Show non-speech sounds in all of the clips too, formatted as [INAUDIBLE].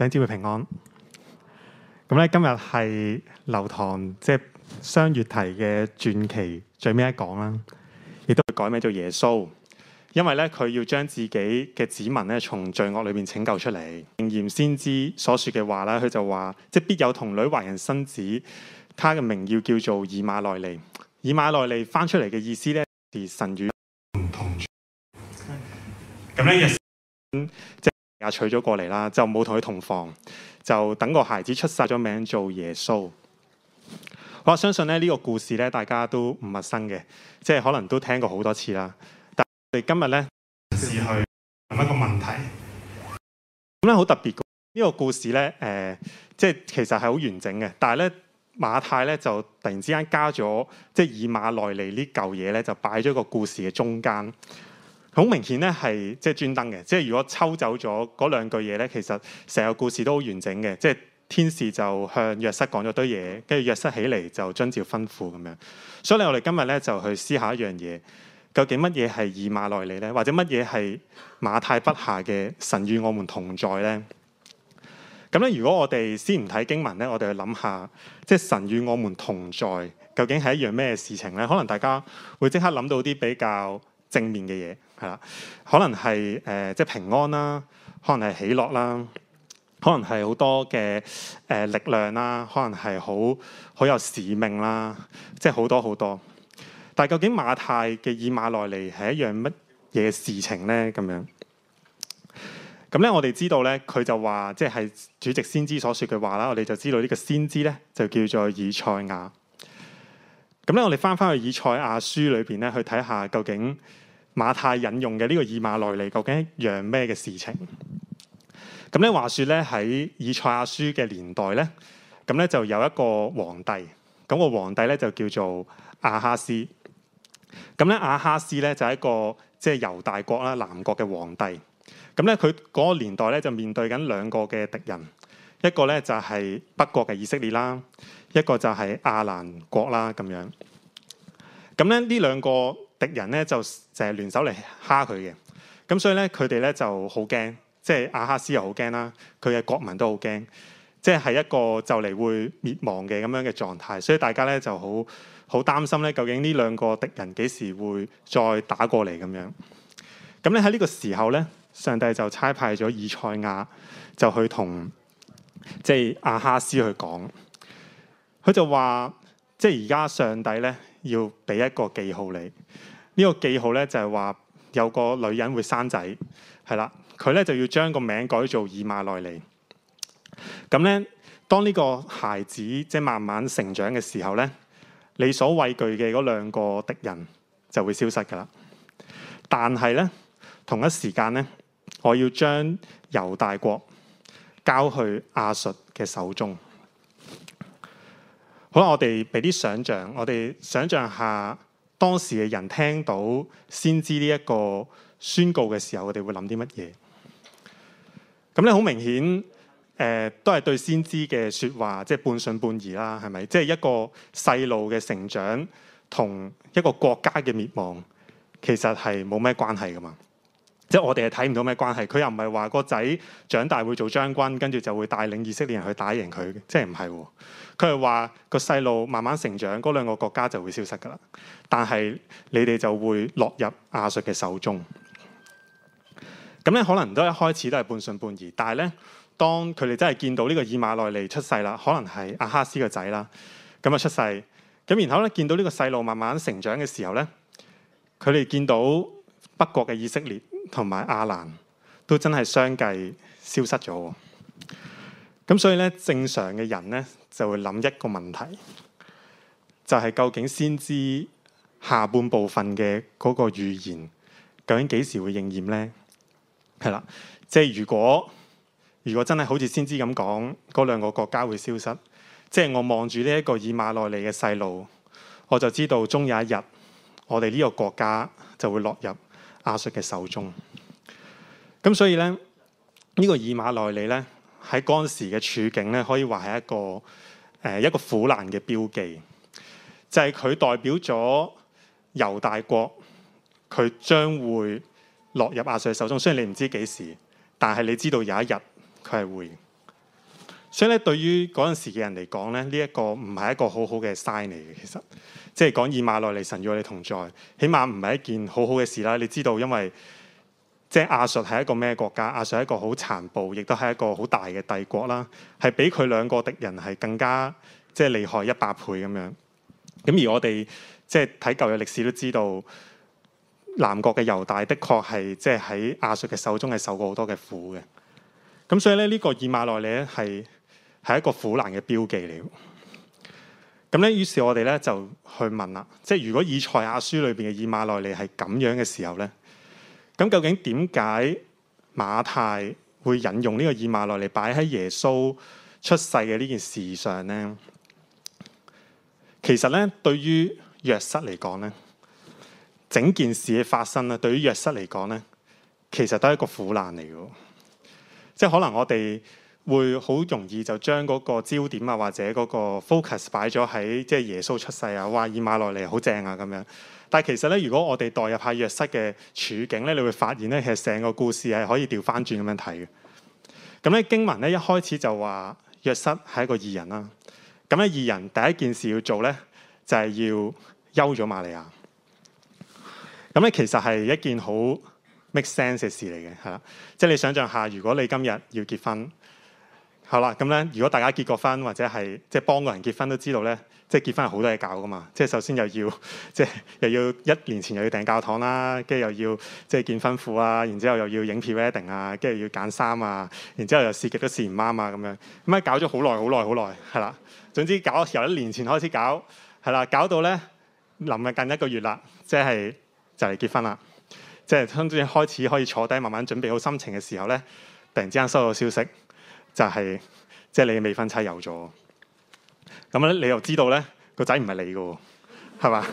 想知會平安。咁咧今日係《流堂》即係雙月題嘅傳奇最尾一講啦，亦都會改名做耶穌，因為咧佢要將自己嘅子民咧從罪惡裏邊拯救出嚟。應驗先知所說嘅話咧，佢就話即必有童女懷孕生子，他嘅名要叫做以馬內利。以馬內利翻出嚟嘅意思咧，是神與同咁咧，嗯，嗯嗯也娶咗過嚟啦，就冇同佢同房，就等個孩子出晒咗名做耶穌。我相信咧呢、這個故事咧，大家都唔陌生嘅，即係可能都聽過好多次啦。但係今日咧，試去問一個問題。咁咧好特別呢、這個故事咧，誒、呃，即係其實係好完整嘅，但係咧馬太咧就突然之間加咗，即係以馬內利呢舊嘢咧就擺咗個故事嘅中間。好明顯咧，係即係專登嘅。即係如果抽走咗嗰兩句嘢咧，其實成個故事都好完整嘅。即係天使就向約瑟講咗堆嘢，跟住約瑟起嚟就遵照吩咐咁樣。所以咧，我哋今日咧就去思考一樣嘢，究竟乜嘢係以馬內利咧，或者乜嘢係馬太筆下嘅神與我們同在咧？咁咧，如果我哋先唔睇經文咧，我哋去諗下，即係神與我們同在，究竟係一樣咩事情咧？可能大家會即刻諗到啲比較正面嘅嘢。係啦，可能係誒、呃，即係平安啦，可能係喜樂啦，可能係好多嘅誒、呃、力量啦，可能係好好有使命啦，即係好多好多。但係究竟馬太嘅以馬內利係一樣乜嘢事情咧？咁樣咁咧，我哋知道咧，佢就話即係主藉先知所說嘅話啦。我哋就知道呢個先知咧就叫做以賽亞。咁咧，我哋翻翻去以賽亞書裏邊咧去睇下究竟。馬太引用嘅呢個以馬內利究竟一樣咩嘅事情？咁咧，話說咧喺以賽亞書嘅年代咧，咁咧就有一個皇帝，咁、那個皇帝咧就叫做亞哈斯。咁咧，亞哈斯咧就係、是、一個即係猶大國啦，南國嘅皇帝。咁咧，佢嗰個年代咧就面對緊兩個嘅敵人，一個咧就係、是、北國嘅以色列啦，一個就係亞蘭國啦咁樣。咁咧，呢兩個。敵人咧就就係聯手嚟蝦佢嘅，咁所以咧佢哋咧就好驚，即係亞哈斯又好驚啦，佢嘅國民都好驚，即係係一個就嚟會滅亡嘅咁樣嘅狀態，所以大家咧就好好擔心咧，究竟呢兩個敵人幾時會再打過嚟咁樣？咁咧喺呢個時候咧，上帝就差派咗以賽亞就去同即係亞哈斯去講，佢就話即係而家上帝咧要俾一個記號你。呢個記號咧就係、是、話有個女人會生仔，係啦，佢咧就要將個名改做以馬內利。咁咧，當呢個孩子即係慢慢成長嘅時候咧，你所畏懼嘅嗰兩個敵人就會消失噶啦。但係咧，同一時間咧，我要將猶大國交去亞述嘅手中。好啦，我哋俾啲想象，我哋想象下。當時嘅人聽到先知呢一個宣告嘅時候，佢哋會諗啲乜嘢？咁咧好明顯，誒、呃、都係對先知嘅説話即係半信半疑啦，係咪？即、就、係、是、一個細路嘅成長，同一個國家嘅滅亡，其實係冇咩關係㗎嘛。即係我哋係睇唔到咩關係，佢又唔係話個仔長大會做將軍，跟住就會帶領以色列人去打贏佢，即係唔係？佢係話個細路慢慢成長，嗰兩個國家就會消失噶啦，但係你哋就會落入亞述嘅手中。咁咧可能都一開始都係半信半疑，但係咧，當佢哋真係見到呢個以馬內利出世啦，可能係阿哈斯個仔啦，咁啊出世，咁然後咧見到呢個細路慢慢成長嘅時候咧，佢哋見到北國嘅以色列。同埋阿蘭都真係相繼消失咗，咁所以呢，正常嘅人呢，就會諗一個問題，就係究竟先知下半部分嘅嗰個預言究竟幾時會應驗呢？係啦，即係如果如果真係好似先知咁講，嗰兩個國家會消失，即係我望住呢一個以馬內利嘅細路，我就知道終有一日，我哋呢個國家就會落入，阿述嘅手中，咁所以咧呢、這個以馬內利咧喺當時嘅處境咧，可以話係一個誒、呃、一個苦難嘅標記，就係、是、佢代表咗猶大國佢將會落入亞述嘅手中。雖然你唔知幾時，但係你知道有一日佢係會。所以咧，對於嗰陣時嘅人嚟講咧，呢一個唔係一個好好嘅 sign 嚟嘅。其實，即係講以馬內利神與我哋同在，起碼唔係一件好好嘅事啦。你知道，因為即係亞述係一個咩國家？亞述係一個好殘暴，亦都係一個好大嘅帝國啦。係比佢兩個敵人係更加即係厲害一百倍咁樣。咁而我哋即係睇舊嘅歷史都知道，南國嘅猶大的確係即係喺亞述嘅手中係受過好多嘅苦嘅。咁所以咧，呢個以馬內利咧係。係一個苦難嘅標記嚟嘅。咁咧，於是我哋咧就去問啦，即係如果以賽亞書裏邊嘅以馬內利係咁樣嘅時候咧，咁究竟點解馬太會引用呢個以馬內利擺喺耶穌出世嘅呢件事上咧？其實咧，對於約瑟嚟講咧，整件事嘅發生咧，對於約瑟嚟講咧，其實都係一個苦難嚟嘅，即係可能我哋。會好容易就將嗰個焦點啊，或者嗰個 focus 擺咗喺即係耶穌出世啊，哇！以馬內利好正啊咁樣。但係其實咧，如果我哋代入下約瑟嘅處境咧，你會發現咧，其實成個故事係可以調翻轉咁樣睇嘅。咁、嗯、咧，經文咧一開始就話約瑟係一個義人啦、啊。咁、嗯、咧，義人第一件事要做咧，就係、是、要休咗瑪利亞。咁、嗯、咧，其實係一件好 make sense 嘅事嚟嘅，係啦。即係你想象下，如果你今日要結婚。好啦，咁咧，如果大家結過婚或者係即係幫個人結婚都知道咧，即係結婚係好多嘢搞噶嘛。即係首先又要即係又要一年前又要訂教堂啦，跟住又要即係見婚褲啊，然之後又要影片 wedding 啊，跟住要揀衫啊，然之後又試極都試唔啱啊咁樣。咁啊搞咗好耐好耐好耐，係啦。總之搞由一年前開始搞，係啦，搞到咧臨啊近一個月啦，即係就嚟結婚啦，即係開始開始可以坐低慢慢準備好心情嘅時候咧，突然之間收到消息。就係即係你未婚妻有咗，咁咧你又知道咧個仔唔係你噶，係嘛？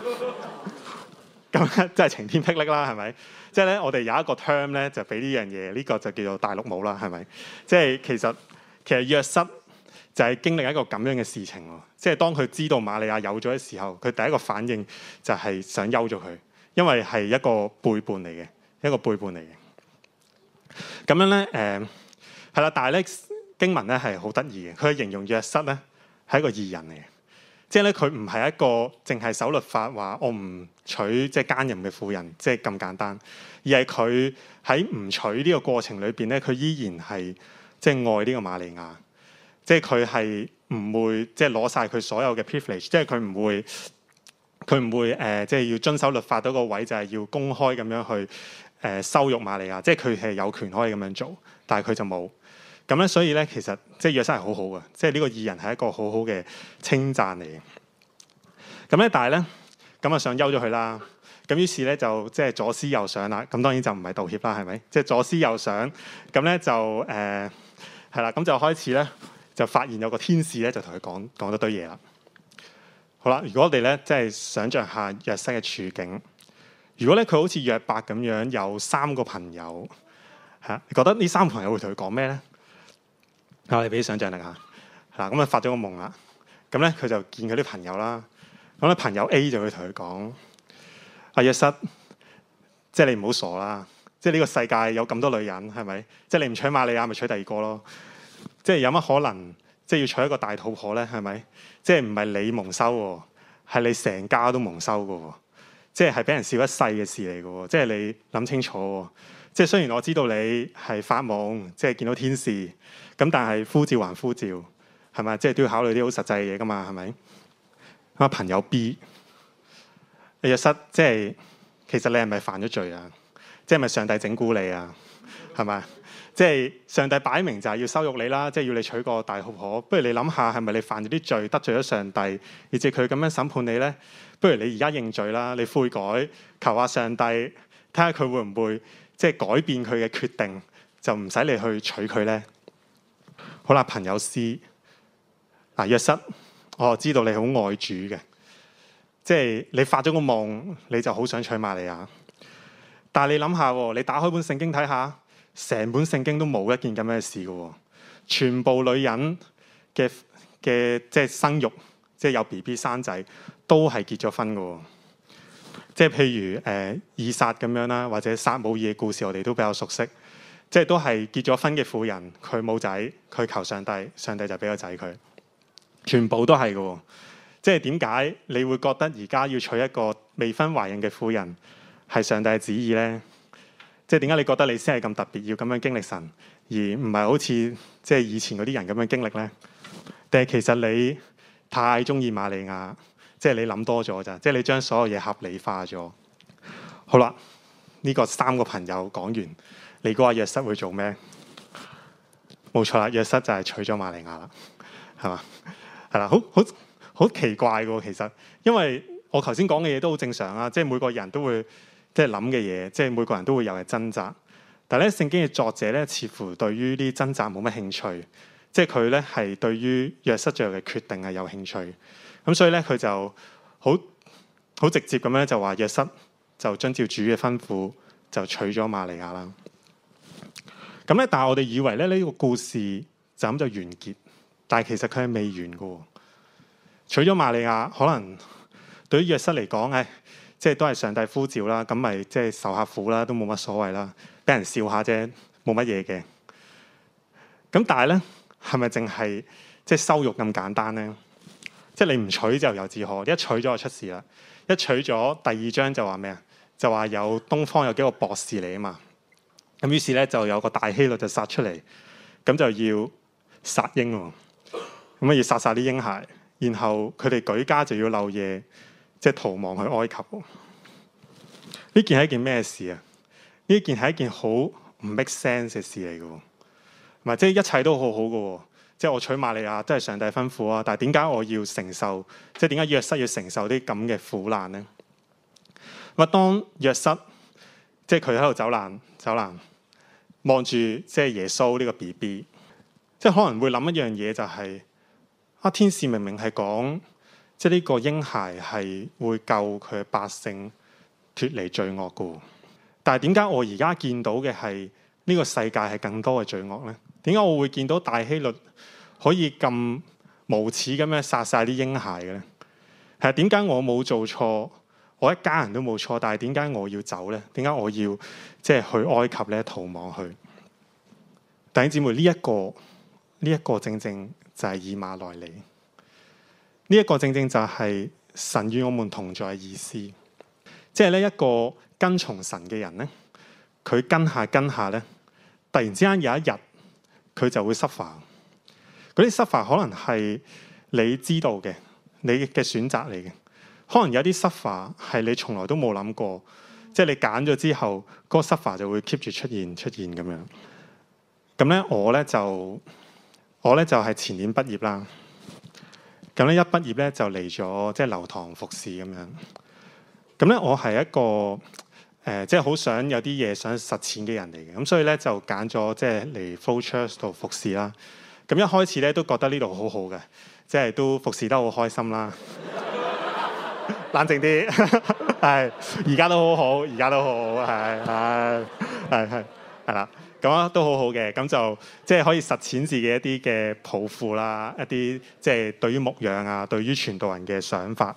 咁咧即係晴天霹靂啦，係咪？即係咧我哋有一個 term 咧，就俾呢樣嘢，呢個就叫做戴綠帽啦，係咪？即係其實其實約瑟就係經歷一個咁樣嘅事情咯，即係當佢知道瑪利亞有咗嘅時候，佢第一個反應就係想休咗佢，因為係一個背叛嚟嘅，一個背叛嚟嘅。咁樣咧，誒係啦，但經文咧係好得意嘅，佢形容約瑟咧係一個義人嚟嘅，即係咧佢唔係一個淨係守律法話我唔娶即係奸淫嘅婦人，即係咁簡單，而係佢喺唔娶呢個過程裏邊咧，佢依然係即係愛呢個馬利亞，即係佢係唔會即係攞晒佢所有嘅 privilege，即係佢唔會佢唔會誒、呃、即係要遵守律法到個位就係、是、要公開咁樣去誒羞、呃、辱馬利亞，即係佢係有權可以咁樣做，但係佢就冇。咁咧，所以咧，其實即係約瑟係好好嘅，即係呢、這個義人係一個好好嘅稱讚嚟。咁咧，但係咧，咁啊想休咗佢啦。咁於是咧就即係左思右想啦。咁當然就唔係道歉啦，係咪？即係左思右想咁咧就誒係啦。咁、呃、就開始咧就發現有個天使咧就同佢講講咗一堆嘢啦。好啦，如果我哋咧即係想像下約瑟嘅處境，如果咧佢好似約伯咁樣有三個朋友嚇，啊、你覺得呢三個朋友會同佢講咩咧？我哋俾想象力吓，嗱，咁啊發咗個夢啦，咁咧佢就見佢啲朋友啦，咁咧朋友 A 就會同佢講：阿約瑟，即係你唔好傻啦，即係呢個世界有咁多女人，係咪？即係你唔娶瑪利亞，咪娶第二個咯？即係有乜可能？即係要娶一個大肚婆咧？係咪？即係唔係你蒙羞喎，係你成家都蒙羞噶喎？即係係俾人笑一世嘅事嚟噶？即係你諗清楚喎。即係雖然我知道你係發夢，即係見到天使，咁但係呼召還呼召，係咪？即係都要考慮啲好實際嘅嘢噶嘛？係咪？啊，朋友 B，你約瑟，即係其實你係咪犯咗罪啊？即係咪上帝整蠱你啊？係咪？即係上帝擺明就係要羞辱你啦，即係要你娶個大好婆。不如你諗下，係咪你犯咗啲罪得罪咗上帝，以至佢咁樣審判你咧？不如你而家認罪啦，你悔改，求下上帝，睇下佢會唔會？即係改變佢嘅決定，就唔使你去娶佢咧。好啦，朋友四，啊，嗱約瑟，我知道你好愛主嘅，即係你發咗個夢，你就好想娶瑪利亞啊。但係你諗下，你打開本聖經睇下，成本聖經都冇一件咁嘅事嘅。全部女人嘅嘅即係生育，即係有 B B 生仔，都係結咗婚嘅。即係譬如誒、呃、以撒咁樣啦，或者撒母耳嘅故事，我哋都比較熟悉。即係都係結咗婚嘅婦人，佢冇仔，佢求上帝，上帝就俾個仔佢。全部都係嘅。即係點解你會覺得而家要娶一個未婚懷孕嘅婦人係上帝嘅旨意咧？即係點解你覺得你先係咁特別要咁樣經歷神，而唔係好似即係以前嗰啲人咁樣經歷咧？定係其實你太中意瑪利亞？即係你諗多咗咋，即係你將所有嘢合理化咗。好啦，呢個三個朋友講完，你估下約瑟會做咩？冇錯啦，約瑟就係娶咗瑪利亞啦，係嘛？係啦，好好好奇怪噶，其實，因為我頭先講嘅嘢都好正常啊，即係每個人都會即係諗嘅嘢，即係每個人都會有嘅掙扎。但係咧，聖經嘅作者咧，似乎對於呢啲掙扎冇乜興趣，即係佢咧係對於約瑟最後嘅決定係有興趣。咁所以咧，佢就好好直接咁樣就話約瑟就遵照主嘅吩咐就娶咗瑪利亞啦。咁咧，但係我哋以為咧呢個故事就咁就完結，但係其實佢係未完噶。娶咗瑪利亞，可能對於約瑟嚟講，誒，即係都係上帝呼召啦，咁咪即係受下苦啦，都冇乜所謂啦，俾人笑下啫，冇乜嘢嘅。咁但係咧，係咪淨係即係羞辱咁簡單咧？即係你唔娶就由自可，一娶咗就出事啦。一娶咗第二章就話咩啊？就話有東方有幾個博士嚟啊嘛。咁於是咧就有個大希律就殺出嚟，咁就要殺嬰喎。咁要殺殺啲嬰孩，然後佢哋舉家就要漏夜，即係逃亡去埃及喎。呢件係一件咩事啊？呢件係一件好唔 make sense 嘅事嚟嘅喎，唔係即係一切都好好嘅喎。即係我娶瑪利亞都係上帝吩咐啊，但係點解我要承受？即係點解約瑟要承受啲咁嘅苦難咧？啊，當約瑟，即係佢喺度走難走難，望住即係耶穌呢個 B B，即係可能會諗一樣嘢就係啊，天使明明係講即係呢個嬰孩係會救佢百姓脫離罪惡嘅，但係點解我而家見到嘅係呢個世界係更多嘅罪惡咧？點解我會見到大希律可以咁無恥咁樣殺晒啲嬰孩嘅咧？係點解我冇做錯，我一家人都冇錯，但係點解我要走咧？點解我要即係、就是、去埃及咧逃亡去？弟兄姊妹，呢、這、一個呢一、這個正正就係以馬內利，呢、這、一個正正就係神與我們同在嘅意思，即係呢一個跟從神嘅人咧，佢跟下跟下咧，突然之間有一日。佢就會 suffer，嗰啲 suffer 可能係你知道嘅，你嘅選擇嚟嘅，可能有啲 suffer 係你從來都冇諗過，即係你揀咗之後，嗰個 suffer 就會 keep 住出現出現咁樣。咁咧，我咧就我咧就係前年畢業啦。咁咧一畢業咧就嚟咗即係流堂服侍咁樣。咁咧我係一個。誒、呃，即係好想有啲嘢想實踐嘅人嚟嘅，咁所以咧就揀咗即係嚟 flow church 度服侍啦。咁一開始咧都覺得呢度好好嘅，即係都服侍得好開心啦。 [LAUGHS] 冷靜靜啲點，係， [LAUGHS] 而家都好好，而家都好好，係，係，係，係啦，咁啊都好好嘅，咁就即係可以實踐自己一啲嘅抱負啦，一啲即係對於牧養啊，對於傳道人嘅想法。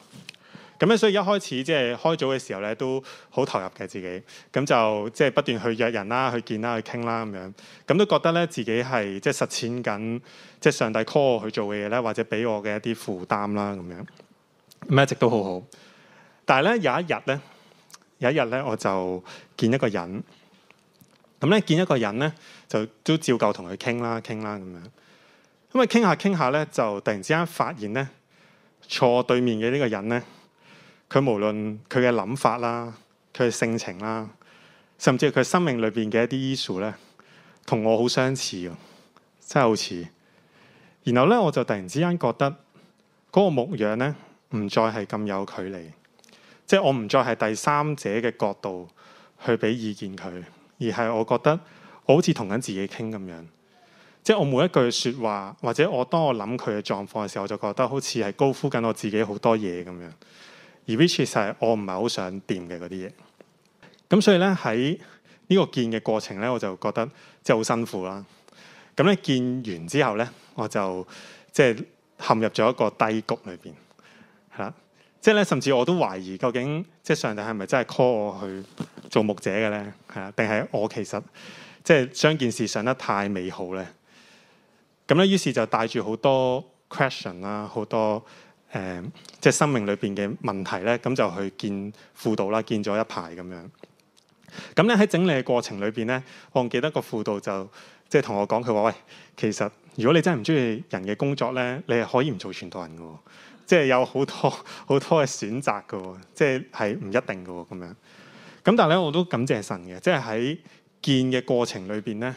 咁咧，所以一開始即係、就是、開組嘅時候咧，都好投入嘅自己。咁就即係、就是、不斷去約人啦、去見啦、去傾啦咁樣。咁都覺得咧，自己係即係實踐緊即係上帝 call 我去做嘅嘢咧，或者俾我嘅一啲負擔啦咁樣。咁一直都好好，但係咧，有一日咧，有一日咧，我就見一個人咁咧，見一個人咧就都照舊同佢傾啦，傾啦咁樣。咁啊，傾下傾下咧，就突然之間發現咧，坐對面嘅呢個人咧。佢無論佢嘅諗法啦，佢嘅性情啦，甚至佢生命裏邊嘅一啲 issue 咧，同我好相似，啊，真係好似。然後咧，我就突然之間覺得嗰個牧養咧，唔再係咁有距離，即係我唔再係第三者嘅角度去俾意見佢，而係我覺得我好似同緊自己傾咁樣，即係我每一句說話，或者我當我諗佢嘅狀況嘅時候，我就覺得好似係高呼緊我自己好多嘢咁樣。而 which is 係我唔係好想掂嘅嗰啲嘢，咁所以咧，喺呢個建嘅過程咧，我就覺得即係好辛苦啦。咁咧建完之後咧，我就即係陷入咗一個低谷裏邊，係啦。即係咧，甚至我都懷疑究竟即係上帝係咪真係 call 我去做牧者嘅咧？係啊，定係我其實即係將件事想得太美好咧？咁咧，於是就帶住好多 question 啦，好多。誒、呃，即係生命裏邊嘅問題咧，咁就去見輔導啦，見咗一排咁樣。咁咧喺整理嘅過程裏邊咧，我記得個輔導就即係同我講，佢話：喂，其實如果你真係唔中意人嘅工作咧，你係可以唔做傳道人㗎喎。即係有好多好多嘅選擇㗎喎，即係係唔一定㗎喎咁樣。咁但係咧，我都感謝神嘅，即係喺見嘅過程裏邊咧，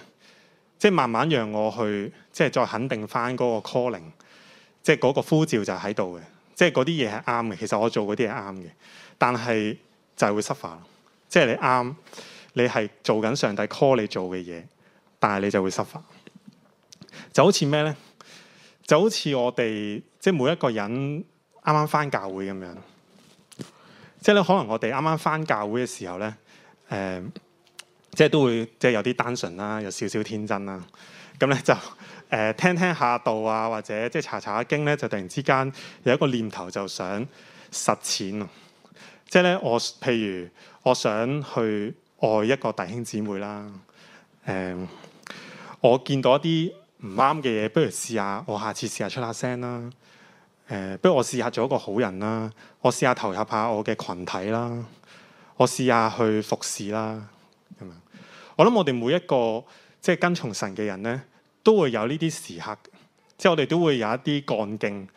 即係慢慢讓我去，即係再肯定翻嗰個 calling。即係嗰個呼召就喺度嘅，即係嗰啲嘢係啱嘅。其實我做嗰啲係啱嘅，但係就係會失敗。即係你啱，你係做緊上帝 call 你做嘅嘢，但係你就會失敗。就好似咩咧？就好似我哋即係每一個人啱啱返教會咁樣。即係咧，可能我哋啱啱返教會嘅時候咧，誒、呃，即係都會即係有啲單純啦，有少少天真啦。咁咧、嗯、就誒、呃、聽聽下道啊，或者即係查查、啊、經咧，就突然之間有一個念頭就想實踐咯。即係咧，我譬如我想去愛一個弟兄姊妹啦。誒、呃，我見到一啲唔啱嘅嘢，不如試下我下次試下出下聲啦。誒、呃，不如我試下做一個好人啦。我試下投入下我嘅群體啦。我試下去服侍啦。咁樣，我諗我哋每一個即係跟從神嘅人咧都會有呢啲時刻，即係我哋都會有一啲幹勁，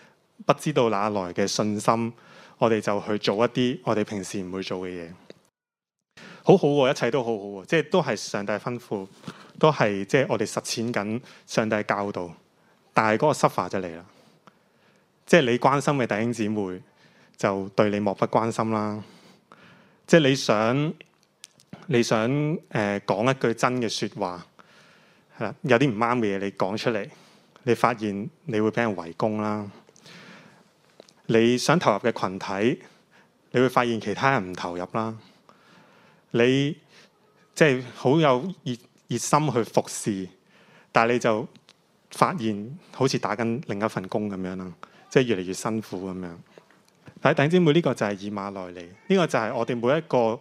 不知道哪來嘅信心，我哋就去做一啲我哋平時唔會做嘅嘢。好好，一切都好好，即係都係上帝吩咐，都係即係我哋實踐緊上帝教導。但係嗰個 suffer 就嚟啦，即係你關心嘅弟兄姊妹就對你漠不關心啦。即係你想你想誒講、呃、一句真嘅說話。有啲唔啱嘅嘢你講出嚟，你發現你會俾人圍攻啦。你想投入嘅群體，你會發現其他人唔投入啦。你即係好有熱熱心去服侍，但係你就發現好似打緊另一份工咁樣啦，即係越嚟越辛苦咁樣。但係，弟兄姊妹，呢個就係以馬內利，呢個就係我哋每一個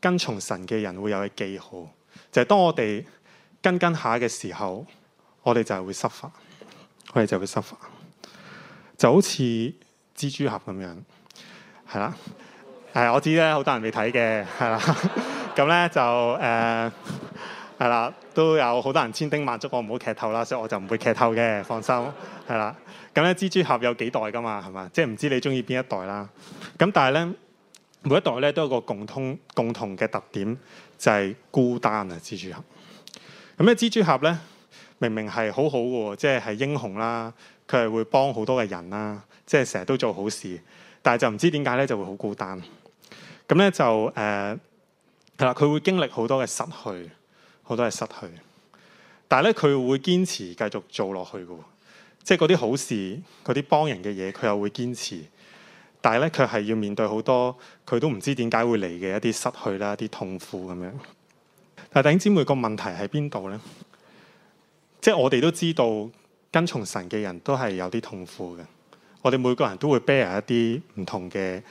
跟從神嘅人會有嘅記號，就係當我哋，跟跟下嘅時候，我哋就係會 suffer，我哋就會 suffer，就好似蜘蛛俠咁樣，係啦。誒、哎，我知咧，好多人未睇嘅，係啦。咁 [LAUGHS] 咧就誒係啦，都有好多人千叮萬囑我唔好劇透啦，所以我就唔會劇透嘅，放心係啦。咁咧，蜘蛛俠有幾代㗎嘛，係嘛？即係唔知你中意邊一代啦。咁但係咧，每一代咧都有一個共通共同嘅特點，就係、是、孤單啊，蜘蛛俠。咁咧、嗯，蜘蛛俠咧，明明係好好嘅、哦，即係係英雄啦，佢係會幫好多嘅人啦，即係成日都做好事，但係就唔知點解咧就會好孤單。咁、嗯、咧就誒係啦，佢、呃、會經歷好多嘅失去，好多嘅失去。但係咧，佢會堅持繼續做落去嘅、哦，即係嗰啲好事、嗰啲幫人嘅嘢，佢又會堅持。但係咧，佢係要面對好多佢都唔知點解會嚟嘅一啲失去啦、一啲痛苦咁樣。但頂姊每個問題喺邊度咧？即係我哋都知道跟從神嘅人都係有啲痛苦嘅，我哋每個人都會 bear 一啲唔同嘅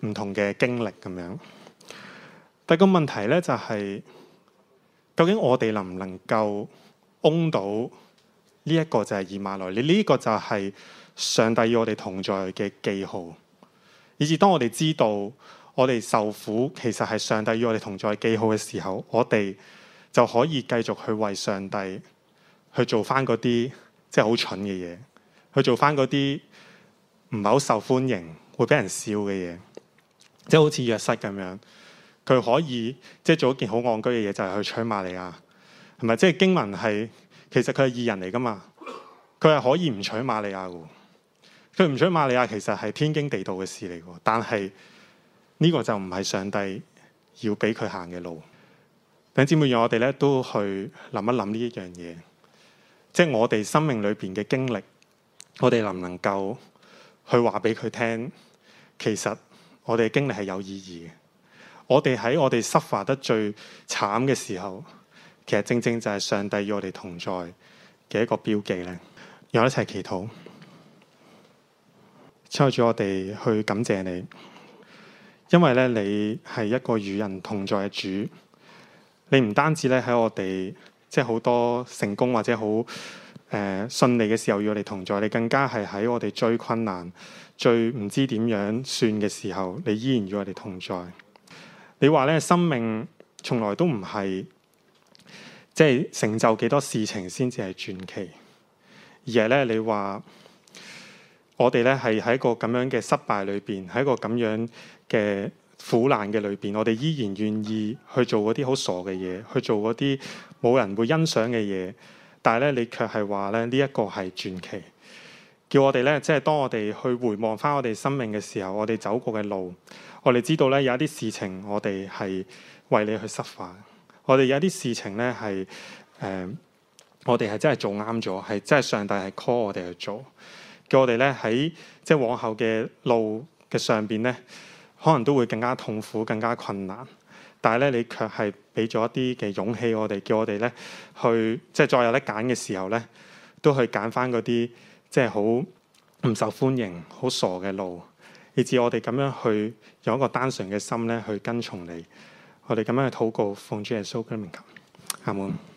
唔同嘅經歷咁樣。第二個問題咧就係、是，究竟我哋能唔能夠 on 到呢一、這個就係以馬內利呢、這個就係上帝與我哋同在嘅記號，以至當我哋知道。我哋受苦，其實係上帝與我哋同在，幾好嘅時候，我哋就可以繼續去為上帝去做翻嗰啲即係好蠢嘅嘢，去做翻嗰啲唔係好受歡迎會俾人笑嘅嘢，即係好似約瑟咁樣，佢可以即係做一件好戇居嘅嘢，就係、是、去娶瑪利亞，係咪？即係經文係其實佢係義人嚟噶嘛，佢係可以唔娶瑪利亞嘅，佢唔娶瑪利亞其實係天經地道嘅事嚟嘅，但係。呢個就唔係上帝要俾佢行嘅路。嗯，弟兄姊妹，讓我哋咧都去諗一諗呢一樣嘢，即係我哋生命裏邊嘅經歷，我哋能唔能夠去話俾佢聽？其實我哋嘅經歷係有意義嘅，我哋喺我哋 suffer 得最慘嘅時候，其實正正就係上帝與我哋同在嘅一個標記咧。讓我一齊祈禱，求主我哋去感謝你。因為咧，你係一個與人同在嘅主，你唔單止咧喺我哋即係好多成功或者好誒、呃、順利嘅時候與我哋同在，你更加係喺我哋最困難、最唔知點樣算嘅時候，你依然與我哋同在。你話咧，生命從來都唔係即係成就幾多事情先至係傳奇，而係咧，你話我哋咧係喺一個咁樣嘅失敗裏邊，喺一個咁樣嘅苦難嘅裏邊，我哋依然願意去做嗰啲好傻嘅嘢，去做嗰啲冇人會欣賞嘅嘢。但係咧，你卻係話咧呢一個係傳奇，叫我哋咧，即係當我哋去回望翻我哋生命嘅時候，我哋走過嘅路，我哋知道咧有一啲事情我哋係為你去失化，我哋有一啲事情咧係誒，我哋係真係做啱咗，係真係上帝係 call 我哋去做，叫我哋咧喺即係往後嘅路嘅上邊咧。可能都會更加痛苦、更加困難，但係咧，你卻係俾咗一啲嘅勇氣我哋，叫我哋咧去，即係再有得揀嘅時候咧，都去揀翻嗰啲即係好唔受歡迎、好傻嘅路，以至我哋咁樣去用一個單純嘅心咧去跟從你。我哋咁樣去禱告，奉主耶穌之名求，阿門。